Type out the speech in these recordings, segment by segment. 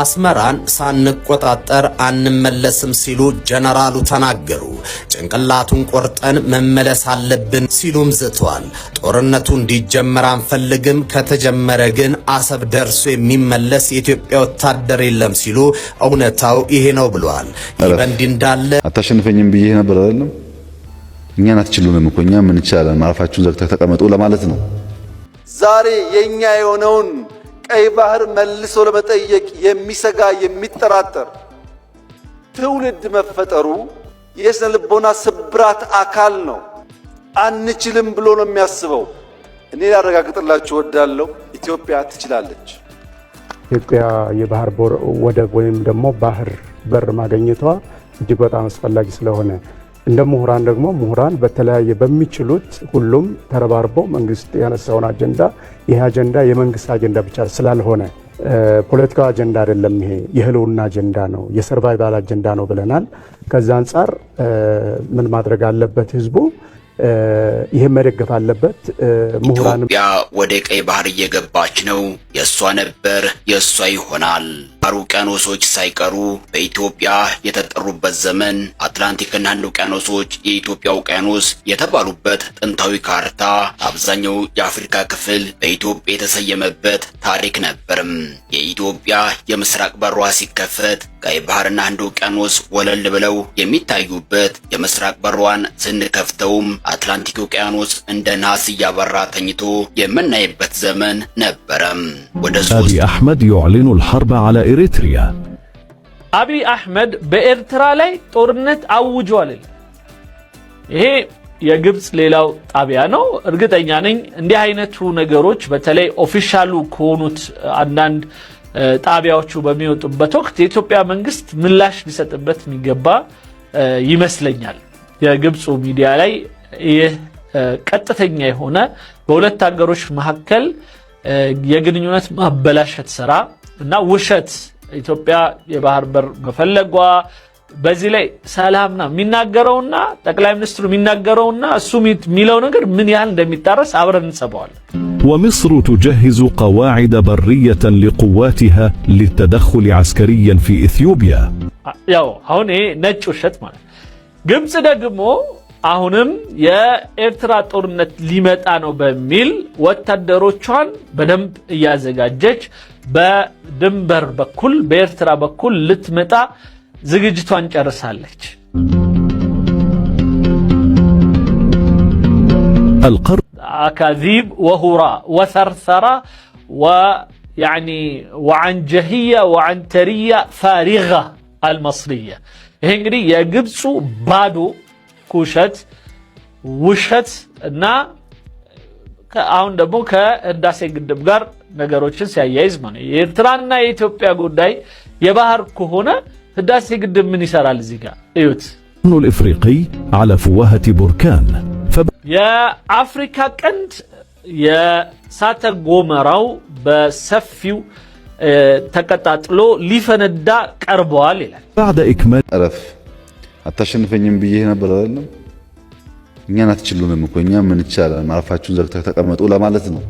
አስመራን ሳንቆጣጠር አንመለስም ሲሉ ጀነራሉ ተናገሩ። ጭንቅላቱን ቆርጠን መመለስ አለብን ሲሉም ዝተዋል። ጦርነቱ እንዲጀመር አንፈልግም፣ ከተጀመረ ግን አሰብ ደርሶ የሚመለስ የኢትዮጵያ ወታደር የለም ሲሉ እውነታው ይሄ ነው ብለዋል። ይህ በእንዲህ እንዳለ አታሸንፈኝም ብዬ ነበር አይደለም። እኛን አትችሉንም እኮ እኛ ምን እንችላለን፣ ማረፋችሁን ዘግታ ተቀመጡ ለማለት ነው ዛሬ የእኛ የሆነውን ቀይ ባህር መልሶ ለመጠየቅ የሚሰጋ የሚጠራጠር ትውልድ መፈጠሩ የስነ ልቦና ስብራት አካል ነው። አንችልም ብሎ ነው የሚያስበው። እኔ ላረጋግጥላችሁ እወዳለሁ፣ ኢትዮጵያ ትችላለች። ኢትዮጵያ የባህር ወደብ ወይም ደግሞ ባህር በር ማግኘቷ እጅግ በጣም አስፈላጊ ስለሆነ እንደ ምሁራን ደግሞ ምሁራን በተለያየ በሚችሉት ሁሉም ተረባርበው መንግስት ያነሳውን አጀንዳ ይህ አጀንዳ የመንግስት አጀንዳ ብቻ ስላልሆነ ፖለቲካዊ አጀንዳ አይደለም፣ ይሄ የህልውና አጀንዳ ነው፣ የሰርቫይቫል አጀንዳ ነው ብለናል። ከዛ አንጻር ምን ማድረግ አለበት ህዝቡ ይህም መደገፍ አለበት። ምሁራን ኢትዮጵያ ወደ ቀይ ባህር እየገባች ነው። የእሷ ነበር የእሷ ይሆናል። ባህር ውቅያኖሶች ሳይቀሩ በኢትዮጵያ የተጠሩበት ዘመን አትላንቲክና ህንድ ውቅያኖሶች የኢትዮጵያ ውቅያኖስ የተባሉበት ጥንታዊ ካርታ አብዛኛው የአፍሪካ ክፍል በኢትዮጵያ የተሰየመበት ታሪክ ነበርም። የኢትዮጵያ የምስራቅ በሯ ሲከፈት ቀይ ባህርና ህንድ ውቅያኖስ ወለል ብለው የሚታዩበት የምስራቅ በሯን ስንከፍተውም አትላንቲክ ውቅያኖስ እንደ ናስ እያበራ ተኝቶ የምናይበት ዘመን ነበረም። ወደ አብይ አህመድ ዩዕሊኑ አልሐርብ ዐላ ኤሪትሪያ አብይ አህመድ በኤርትራ ላይ ጦርነት አውጇል። ይሄ የግብፅ ሌላው ጣቢያ ነው። እርግጠኛ ነኝ እንዲህ አይነቱ ነገሮች በተለይ ኦፊሻሉ ከሆኑት አንዳንድ ጣቢያዎቹ በሚወጡበት ወቅት የኢትዮጵያ መንግስት ምላሽ ሊሰጥበት የሚገባ ይመስለኛል። የግብፁ ሚዲያ ላይ ይህ ቀጥተኛ የሆነ በሁለት ሀገሮች መካከል የግንኙነት ማበላሸት ስራ እና ውሸት ኢትዮጵያ የባህር በር መፈለጓ በዚህ ላይ ሰላምና የሚናገረውና ጠቅላይ ሚኒስትሩ የሚናገረውና እሱ የሚለው ነገር ምን ያህል እንደሚጣረስ አብረን እንጸባዋለን። ومصر تجهز قواعد برية لقواتها للتدخل عسكريا في إثيوبيا ያው አሁን ይሄ ነጭ ውሸት ማለት ግብጽ ደግሞ አሁንም የኤርትራ ጦርነት ሊመጣ ነው በሚል ወታደሮቿን በደንብ እያዘጋጀች በድንበር በኩል በኤርትራ በኩል ልትመጣ ዝግጅቷን ጨርሳለች። አካዚብ ወሁራ ወሰርሰራ ወያኒ ወዓንጀህያ ወዓንተርያ ፋሪጋ አልመስርያ ይሄ እንግዲህ የግብፁ ባዶ ኩሸት፣ ውሸት እና አሁን ደግሞ ከህዳሴ ግድብ ጋር ነገሮችን ሲያያይዝ ማለት ነው። የኤርትራና የኢትዮጵያ ጉዳይ የባህር ከሆነ ህዳሴ ግድብ ምን ይሰራል? እዚህ ጋር እዩት። ልፍሪቂ ላ ፍዋሀቲ ቡርካን የአፍሪካ ቀንድ የእሳተ ጎመራው በሰፊው ተቀጣጥሎ ሊፈነዳ ቀርበዋል ይላል ባዕደ ኢክመል አታሸንፈኝም ብዬ ነበር አይደለም። እኛን አትችሉንም እኮ እኛ ምን ይቻላል አፋችሁን ዘግታ ተቀመጡ ለማለት ነው።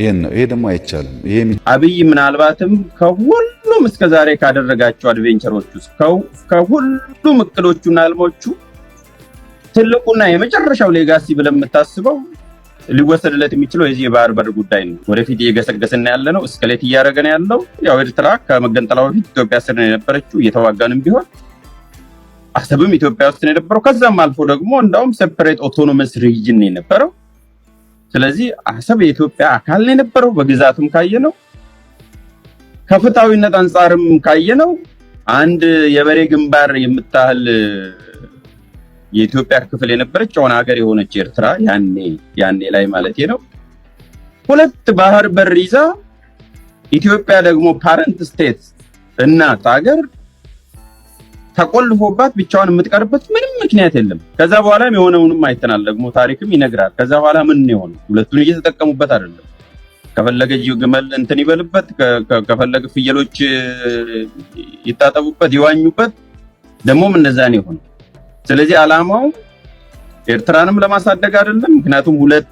ይሄን ነው። ይሄ ደግሞ አይቻልም። ይሄ አብይ ምናልባትም ከሁሉም እስከ ዛሬ ካደረጋቸው አድቬንቸሮች ውስጥ ከሁሉም እቅዶቹና አልሞቹ ትልቁና የመጨረሻው ሌጋሲ ብለን የምታስበው ሊወሰድለት የሚችለው የዚህ የባህር በር ጉዳይ ነው። ወደፊት እየገሰገስን ያለ ነው፣ እስከሌት እያደረገን ያለው ያው ኤርትራ ከመገንጠላ በፊት ኢትዮጵያ ስር ነው የነበረችው እየተዋጋንም ቢሆን አሰብም ኢትዮጵያ ውስጥ ነው የነበረው። ከዛም አልፎ ደግሞ እንዳውም ሴፐሬት ኦቶኖመስ ሪጅን ነው የነበረው። ስለዚህ አሰብ የኢትዮጵያ አካል ነው የነበረው በግዛትም ካየ ነው ከፍትሐዊነት አንጻርም ካየ ነው አንድ የበሬ ግንባር የምታህል የኢትዮጵያ ክፍል የነበረች ሆነ ሀገር የሆነች ኤርትራ ያኔ ያኔ ላይ ማለት ነው ሁለት ባህር በር ይዛ ኢትዮጵያ ደግሞ ፓረንት ስቴት እናት ሀገር ተቆልፎባት ብቻዋን የምትቀርበት ምንም ምክንያት የለም። ከዛ በኋላም የሆነውንም አይተናል። ደግሞ ታሪክም ይነግራል። ከዛ በኋላ ምን የሆነ ሁለቱን እየተጠቀሙበት አይደለም። ከፈለገ ግመል እንትን ይበልበት፣ ከፈለገ ፍየሎች ይታጠቡበት፣ ይዋኙበት። ደግሞም እነዛን የሆነ ስለዚህ አላማው ኤርትራንም ለማሳደግ አይደለም። ምክንያቱም ሁለት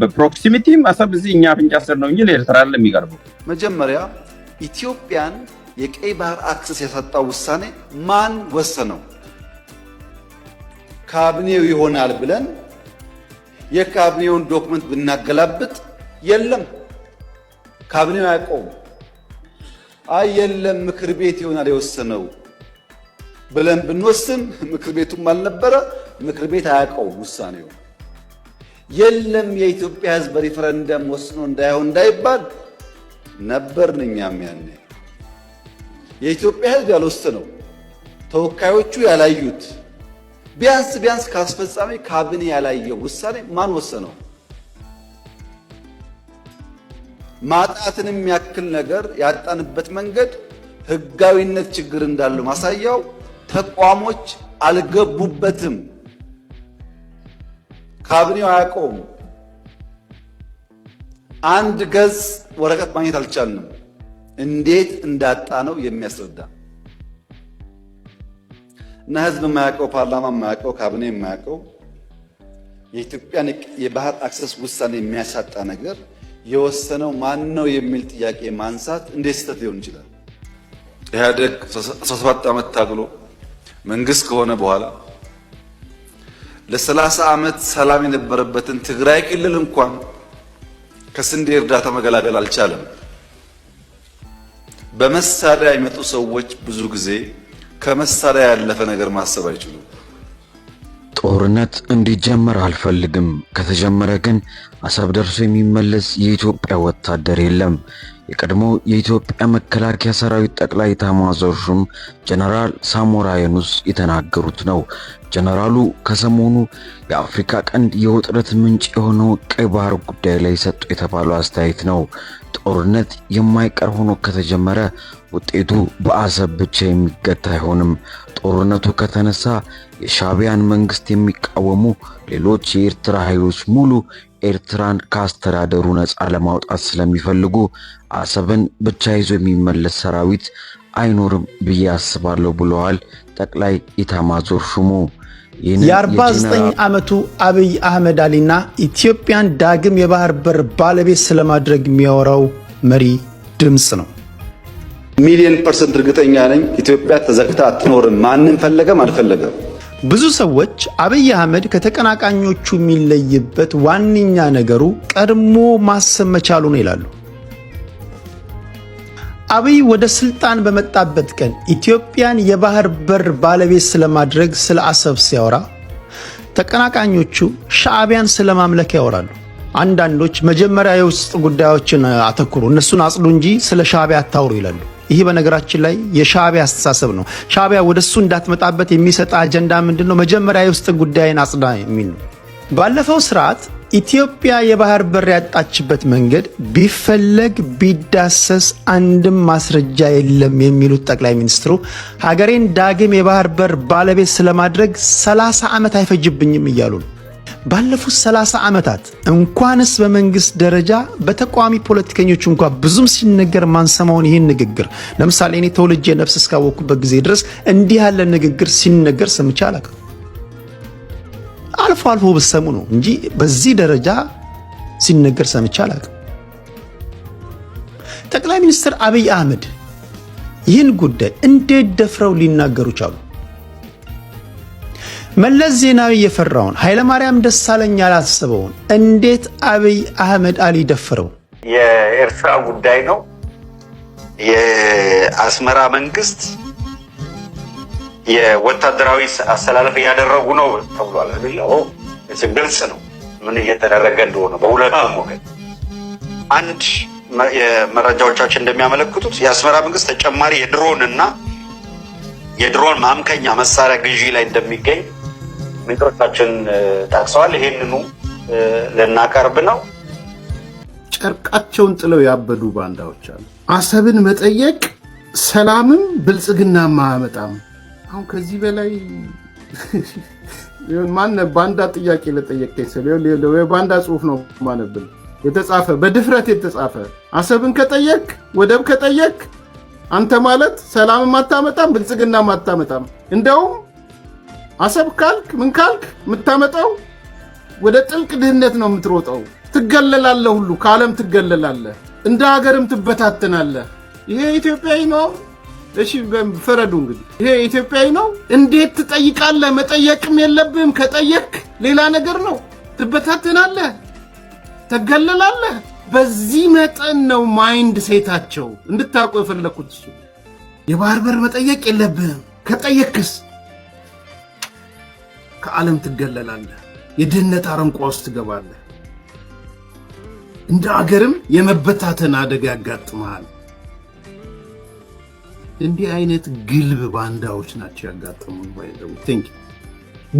በፕሮክሲሚቲም አሰብ እዚህ እኛ አፍንጫ ስር ነው እንጂ ለኤርትራን ለሚቀርበው መጀመሪያ ኢትዮጵያን የቀይ ባህር አክሰስ ያሳጣው ውሳኔ ማን ወሰነው? ካቢኔው ይሆናል ብለን የካቢኔውን ዶክመንት ብናገላብጥ የለም፣ ካቢኔው አያውቀውም። አይ የለም ምክር ቤት ይሆናል የወሰነው ብለን ብንወስን ምክር ቤቱም አልነበረ፣ ምክር ቤት አያውቀውም ውሳኔው። የለም የኢትዮጵያ ሕዝብ በሪፈረንደም ወስኖ እንዳይሆን እንዳይባል ነበርን እኛም ያኔ የኢትዮጵያ ሕዝብ ያልወሰነው ተወካዮቹ ያላዩት ቢያንስ ቢያንስ ከአስፈጻሚ ካቢኔ ያላየው ውሳኔ ማን ወሰነው? ማጣትንም ያክል ነገር ያጣንበት መንገድ ህጋዊነት ችግር እንዳለው ማሳያው ተቋሞች አልገቡበትም። ካቢኔው አያውቀውም። አንድ ገጽ ወረቀት ማግኘት አልቻልንም። እንዴት እንዳጣ ነው የሚያስረዳ እና ህዝብ የማያውቀው ፓርላማ የማያውቀው ካቢኔ የማያውቀው የኢትዮጵያን የባህር አክሰስ ውሳኔ የሚያሳጣ ነገር የወሰነው ማን ነው የሚል ጥያቄ ማንሳት እንዴት ስህተት ሊሆን ይችላል? ኢህአዴግ 17 ዓመት ታግሎ መንግስት ከሆነ በኋላ ለ30 ዓመት ሰላም የነበረበትን ትግራይ ክልል እንኳን ከስንዴ እርዳታ መገላገል አልቻለም። በመሳሪያ የመጡ ሰዎች ብዙ ጊዜ ከመሳሪያ ያለፈ ነገር ማሰብ አይችሉም። ጦርነት እንዲጀመር አልፈልግም። ከተጀመረ ግን አሰብ ደርሶ የሚመለስ የኢትዮጵያ ወታደር የለም። የቀድሞ የኢትዮጵያ መከላከያ ሰራዊት ጠቅላይ ኤታማዦር ሹም ጀነራል ሳሞራ የኑስ የተናገሩት ነው። ጀነራሉ ከሰሞኑ የአፍሪካ ቀንድ የውጥረት ምንጭ የሆነው ቀይ ባህር ጉዳይ ላይ ሰጡ የተባለው አስተያየት ነው። ጦርነት የማይቀር ሆኖ ከተጀመረ ውጤቱ በአሰብ ብቻ የሚገታ አይሆንም። ጦርነቱ ከተነሳ የሻቢያን መንግስት የሚቃወሙ ሌሎች የኤርትራ ኃይሎች ሙሉ ኤርትራን ከአስተዳደሩ ነፃ ለማውጣት ስለሚፈልጉ አሰብን ብቻ ይዞ የሚመለስ ሰራዊት አይኖርም ብዬ አስባለሁ ብለዋል ጠቅላይ ኢታማዞር ሹሙ። የ49 ዓመቱ አብይ አህመድ አሊና ኢትዮጵያን ዳግም የባህር በር ባለቤት ስለማድረግ የሚያወራው መሪ ድምፅ ነው። ሚሊዮን ፐርሰንት እርግጠኛ ነኝ ኢትዮጵያ ተዘግታ አትኖርም፣ ማንም ፈለገም አልፈለገም። ብዙ ሰዎች አብይ አህመድ ከተቀናቃኞቹ የሚለይበት ዋነኛ ነገሩ ቀድሞ ማሰብ መቻሉ ነው ይላሉ። አብይ ወደ ስልጣን በመጣበት ቀን ኢትዮጵያን የባህር በር ባለቤት ስለማድረግ ስለ አሰብ ሲያወራ፣ ተቀናቃኞቹ ሻዕቢያን ስለማምለክ ያወራሉ። አንዳንዶች መጀመሪያ የውስጥ ጉዳዮችን አተኩሩ፣ እነሱን አጽዱ እንጂ ስለ ሻዕቢያ አታውሩ ይላሉ። ይሄ በነገራችን ላይ የሻቢያ አስተሳሰብ ነው። ሻቢያ ወደ እሱ እንዳትመጣበት የሚሰጠ አጀንዳ ምንድን ነው? መጀመሪያ የውስጥ ጉዳይን አጽዳ የሚል ነው። ባለፈው ስርዓት ኢትዮጵያ የባህር በር ያጣችበት መንገድ ቢፈለግ ቢዳሰስ አንድም ማስረጃ የለም የሚሉት ጠቅላይ ሚኒስትሩ ሀገሬን ዳግም የባህር በር ባለቤት ስለማድረግ 30 ዓመት አይፈጅብኝም እያሉ ነው። ባለፉት 30 ዓመታት እንኳንስ በመንግስት ደረጃ በተቃዋሚ ፖለቲከኞች እንኳ ብዙም ሲነገር ማንሰማውን ይህን ንግግር ለምሳሌ እኔ ተወልጄ ነፍስ እስካወቅኩበት ጊዜ ድረስ እንዲህ ያለ ንግግር ሲነገር ሰምቼ አላውቅም። አልፎ አልፎ ብሰሙ ነው እንጂ በዚህ ደረጃ ሲነገር ሰምቼ አላውቅም። ጠቅላይ ሚኒስትር አብይ አህመድ ይህን ጉዳይ እንዴት ደፍረው ሊናገሩ ቻሉ? መለስ ዜናዊ የፈራውን ኃይለማርያም ደሳለኝ ያላስበውን እንዴት አብይ አህመድ አሊ ደፈረው? የኤርትራ ጉዳይ ነው። የአስመራ መንግስት የወታደራዊ አሰላለፍ እያደረጉ ነው ተብሏል። ግልጽ ነው ምን እየተደረገ እንደሆነ በሁለቱም ወገን አንድ መረጃዎቻችን እንደሚያመለክቱት የአስመራ መንግስት ተጨማሪ የድሮን እና የድሮን ማምከኛ መሳሪያ ግዢ ላይ እንደሚገኝ ምንጮቻችን ጠቅሰዋል። ይሄንኑ ልናቀርብ ነው። ጨርቃቸውን ጥለው ያበዱ ባንዳዎች አሉ። አሰብን መጠየቅ ሰላምም ብልጽግናም አያመጣም። አሁን ከዚህ በላይ ማነ ባንዳ ጥያቄ ለጠየቀኝ ስለው የባንዳ ጽሁፍ ነው ማነብል የተጻፈ በድፍረት የተጻፈ አሰብን ከጠየቅ ወደብ ከጠየቅ አንተ ማለት ሰላምም አታመጣም ብልጽግናም አታመጣም እንደውም አሰብ ካልክ ምን ካልክ የምታመጣው ወደ ጥልቅ ድህነት ነው የምትሮጠው። ትገለላለህ፣ ሁሉ ከዓለም ትገለላለህ፣ እንደ ሀገርም ትበታተናለህ። ይሄ ኢትዮጵያዊ ነው? እሺ ፍረዱ እንግዲህ። ይሄ ኢትዮጵያዊ ነው? እንዴት ትጠይቃለህ? መጠየቅም የለብህም። ከጠየቅ ሌላ ነገር ነው። ትበታተናለህ፣ ትገለላለህ። በዚህ መጠን ነው ማይንድ ሴታቸው። እንድታውቁ የፈለግኩት እሱ የባህር በር መጠየቅ የለብህም። ከጠየክስ? ከዓለም ትገለላለህ፣ የድህነት አረንቋ ውስጥ ትገባለህ። እንደ አገርም የመበታተን አደጋ ያጋጥመሃል። እንዲህ አይነት ግልብ ባንዳዎች ናቸው ያጋጠሙን።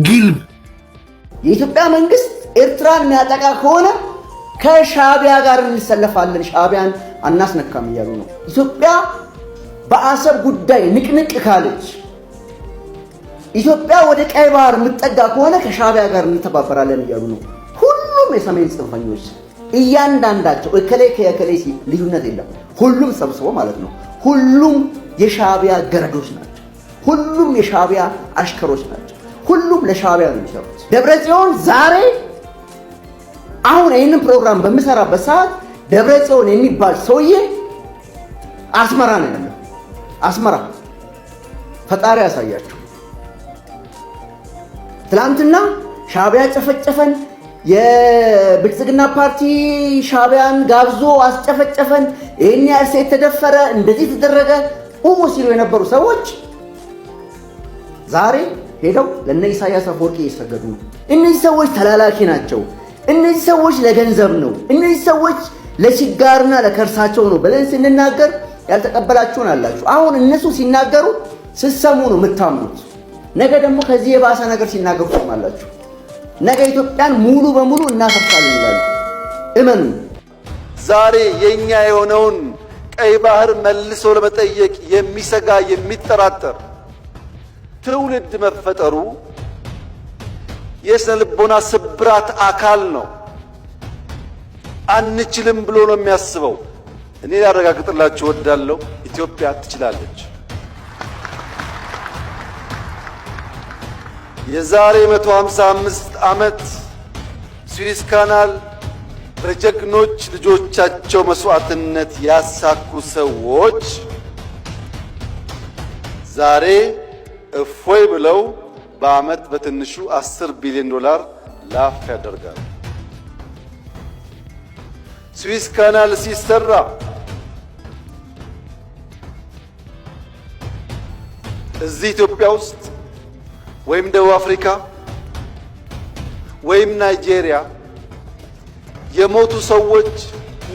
ግልብ የኢትዮጵያ መንግስት ኤርትራን የሚያጠቃ ከሆነ ከሻቢያ ጋር እንሰለፋለን፣ ሻቢያን አናስነካም እያሉ ነው። ኢትዮጵያ በአሰብ ጉዳይ ንቅንቅ ካለች ኢትዮጵያ ወደ ቀይ ባህር የምትጠጋ ከሆነ ከሻቢያ ጋር እንተባበራለን እያሉ ነው። ሁሉም የሰሜን ጽንፈኞች እያንዳንዳቸው እከሌ ከእከሌ ልዩነት የለም። ሁሉም ሰብስቦ ማለት ነው። ሁሉም የሻቢያ ገረዶች ናቸው። ሁሉም የሻቢያ አሽከሮች ናቸው። ሁሉም ለሻቢያ ነው የሚሰሩት። ደብረ ጽዮን ዛሬ አሁን ይህንን ፕሮግራም በምሰራበት ሰዓት ደብረ ጽዮን የሚባል ሰውዬ አስመራ ነው ያለው። አስመራ ፈጣሪ ያሳያቸው። ትላንትና ሻቢያ ጨፈጨፈን፣ የብልጽግና ፓርቲ ሻቢያን ጋብዞ አስጨፈጨፈን፣ ይህን ያህል ሴት ተደፈረ፣ እንደዚህ ተደረገ ቁሙ ሲሉ የነበሩ ሰዎች ዛሬ ሄደው ለነ ኢሳያስ አፈወርቂ እየሰገዱ ነው። እነዚህ ሰዎች ተላላኪ ናቸው። እነዚህ ሰዎች ለገንዘብ ነው። እነዚህ ሰዎች ለችጋርና ለከርሳቸው ነው ብለን ስንናገር ያልተቀበላችሁን አላችሁ። አሁን እነሱ ሲናገሩ ስትሰሙ ነው የምታምኑት። ነገ ደግሞ ከዚህ የባሰ ነገር ሲናገሩ ትሰማላችሁ። ነገ ኢትዮጵያን ሙሉ በሙሉ እናሰፍታለን ይላሉ። እመኑ። ዛሬ የኛ የሆነውን ቀይ ባህር መልሶ ለመጠየቅ የሚሰጋ የሚጠራጠር ትውልድ መፈጠሩ የስነ ልቦና ስብራት አካል ነው። አንችልም ብሎ ነው የሚያስበው። እኔ ላረጋግጥላችሁ እወዳለሁ፣ ኢትዮጵያ ትችላለች። የዛሬ 155 ዓመት ስዊስ ካናል በጀግኖች ልጆቻቸው መስዋዕትነት ያሳኩ ሰዎች ዛሬ እፎይ ብለው በዓመት በትንሹ 10 ቢሊዮን ዶላር ላፍ ያደርጋሉ። ስዊስ ካናል ሲሰራ እዚህ ኢትዮጵያ ውስጥ ወይም ደቡብ አፍሪካ ወይም ናይጄሪያ የሞቱ ሰዎች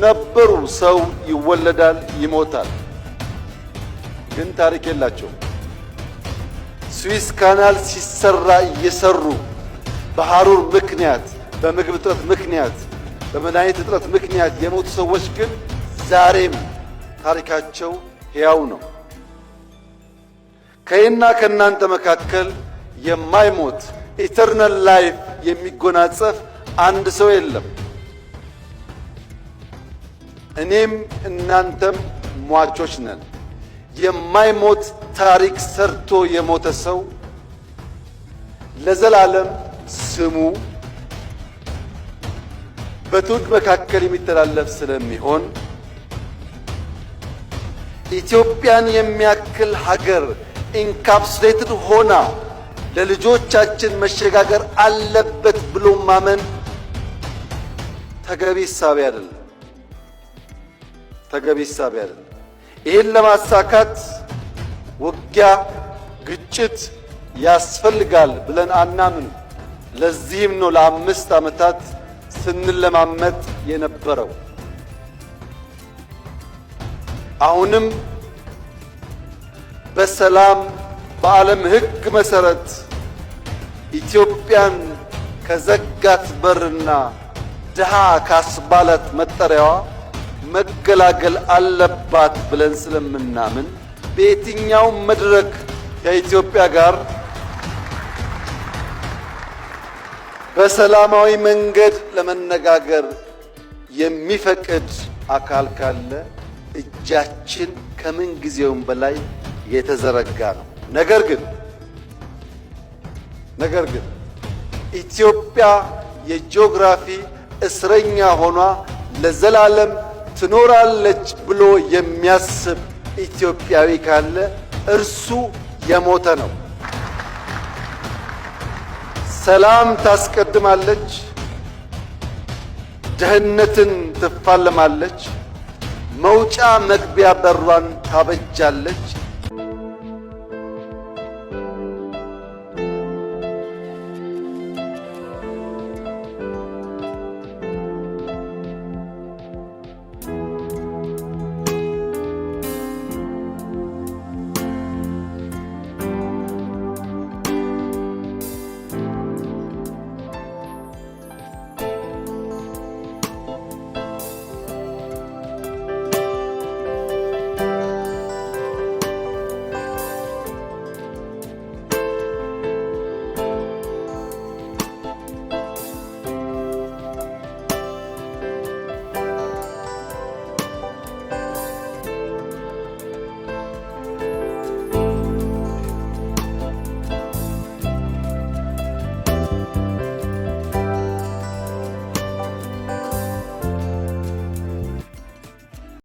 ነበሩ። ሰው ይወለዳል፣ ይሞታል፣ ግን ታሪክ የላቸውም። ስዊስ ካናል ሲሰራ እየሰሩ በሐሩር ምክንያት፣ በምግብ እጥረት ምክንያት፣ በመድኃኒት እጥረት ምክንያት የሞቱ ሰዎች ግን ዛሬም ታሪካቸው ሕያው ነው። ከይና ከእናንተ መካከል የማይሞት ኢተርናል ላይፍ የሚጎናጸፍ አንድ ሰው የለም። እኔም እናንተም ሟቾች ነን። የማይሞት ታሪክ ሰርቶ የሞተ ሰው ለዘላለም ስሙ በትውልድ መካከል የሚተላለፍ ስለሚሆን ኢትዮጵያን የሚያክል ሀገር ኢንካፕስሌትድ ሆና ለልጆቻችን መሸጋገር አለበት ብሎ ማመን ተገቢ እሳቤ አይደለም። ተገቢ እሳቤ አይደለም። ይህን ለማሳካት ውጊያ፣ ግጭት ያስፈልጋል ብለን አናምን። ለዚህም ነው ለአምስት ዓመታት ስንለማመጥ የነበረው። አሁንም በሰላም በዓለም ሕግ መሰረት ኢትዮጵያን ከዘጋት በርና ድሃ ካስባላት መጠሪያዋ መገላገል አለባት ብለን ስለምናምን በየትኛውም መድረክ ከኢትዮጵያ ጋር በሰላማዊ መንገድ ለመነጋገር የሚፈቅድ አካል ካለ እጃችን ከምን ጊዜውም በላይ የተዘረጋ ነው። ነገር ግን ነገር ግን ኢትዮጵያ የጂኦግራፊ እስረኛ ሆኗ ለዘላለም ትኖራለች ብሎ የሚያስብ ኢትዮጵያዊ ካለ እርሱ የሞተ ነው። ሰላም ታስቀድማለች፣ ደህንነትን ትፋለማለች፣ መውጫ መግቢያ በሯን ታበጃለች።